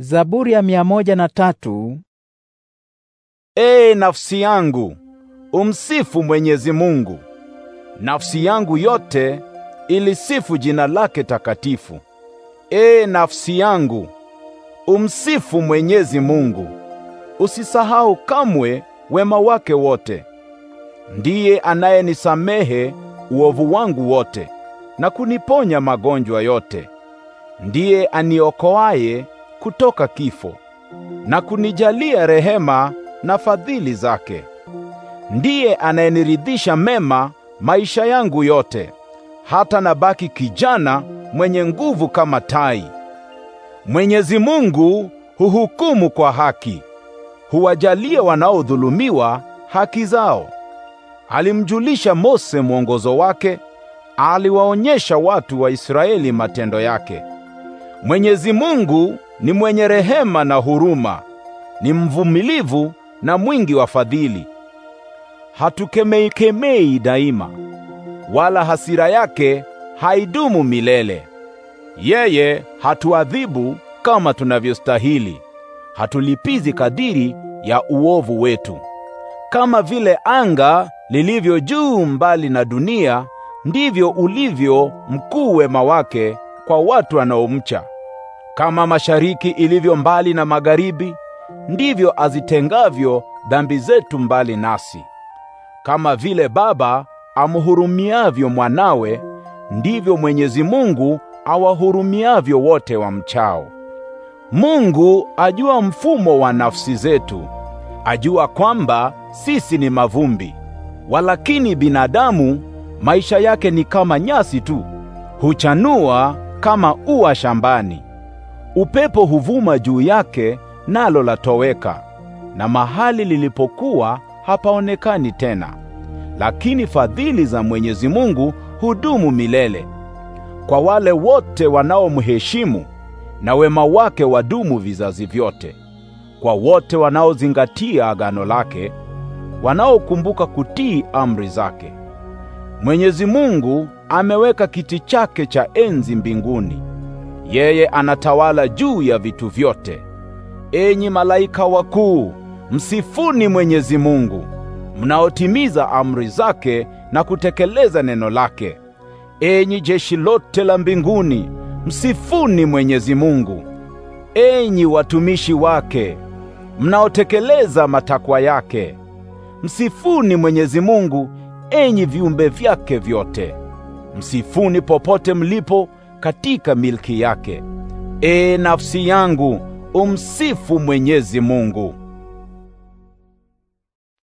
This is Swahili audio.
Zaburi ya mia moja na tatu. Ee nafsi yangu, umsifu Mwenyezi Mungu. Nafsi yangu yote ilisifu jina lake takatifu. Ee nafsi yangu, umsifu Mwenyezi Mungu. Usisahau kamwe wema wake wote. Ndiye anayenisamehe uovu wangu wote na kuniponya magonjwa yote. Ndiye aniokoaye kutoka kifo na kunijalia rehema na fadhili zake. Ndiye anayeniridhisha mema maisha yangu yote, hata nabaki kijana mwenye nguvu kama tai. Mwenyezi Mungu huhukumu kwa haki, huwajalia wanaodhulumiwa haki zao. Alimjulisha Mose mwongozo wake, aliwaonyesha watu wa Israeli matendo yake. Mwenyezi Mungu ni mwenye rehema na huruma, ni mvumilivu na mwingi wa fadhili. Hatukemei-kemei daima, wala hasira yake haidumu milele. Yeye hatuadhibu kama tunavyostahili, hatulipizi kadiri ya uovu wetu. Kama vile anga lilivyo juu mbali na dunia, ndivyo ulivyo mkuu wema wake kwa watu wanaomcha. Kama mashariki ilivyo mbali na magharibi, ndivyo azitengavyo dhambi zetu mbali nasi. Kama vile baba amhurumiavyo mwanawe, ndivyo Mwenyezi Mungu awahurumiavyo wote wamchao. Mungu ajua mfumo wa nafsi zetu, ajua kwamba sisi ni mavumbi, walakini binadamu maisha yake ni kama nyasi tu, huchanua kama ua shambani upepo huvuma juu yake, nalo latoweka, na mahali lilipokuwa hapaonekani tena. Lakini fadhili za Mwenyezi Mungu hudumu milele kwa wale wote wanaomheshimu, na wema wake wadumu vizazi vyote, kwa wote wanaozingatia agano lake, wanaokumbuka kutii amri zake. Mwenyezi Mungu ameweka kiti chake cha enzi mbinguni. Yeye anatawala juu ya vitu vyote. Enyi malaika wakuu, msifuni Mwenyezi Mungu, mnaotimiza amri zake na kutekeleza neno lake. Enyi jeshi lote la mbinguni, msifuni Mwenyezi Mungu. Enyi watumishi wake, mnaotekeleza matakwa yake. Msifuni Mwenyezi Mungu, enyi viumbe vyake vyote. Msifuni popote mlipo katika milki yake. E nafsi yangu, umsifu Mwenyezi Mungu.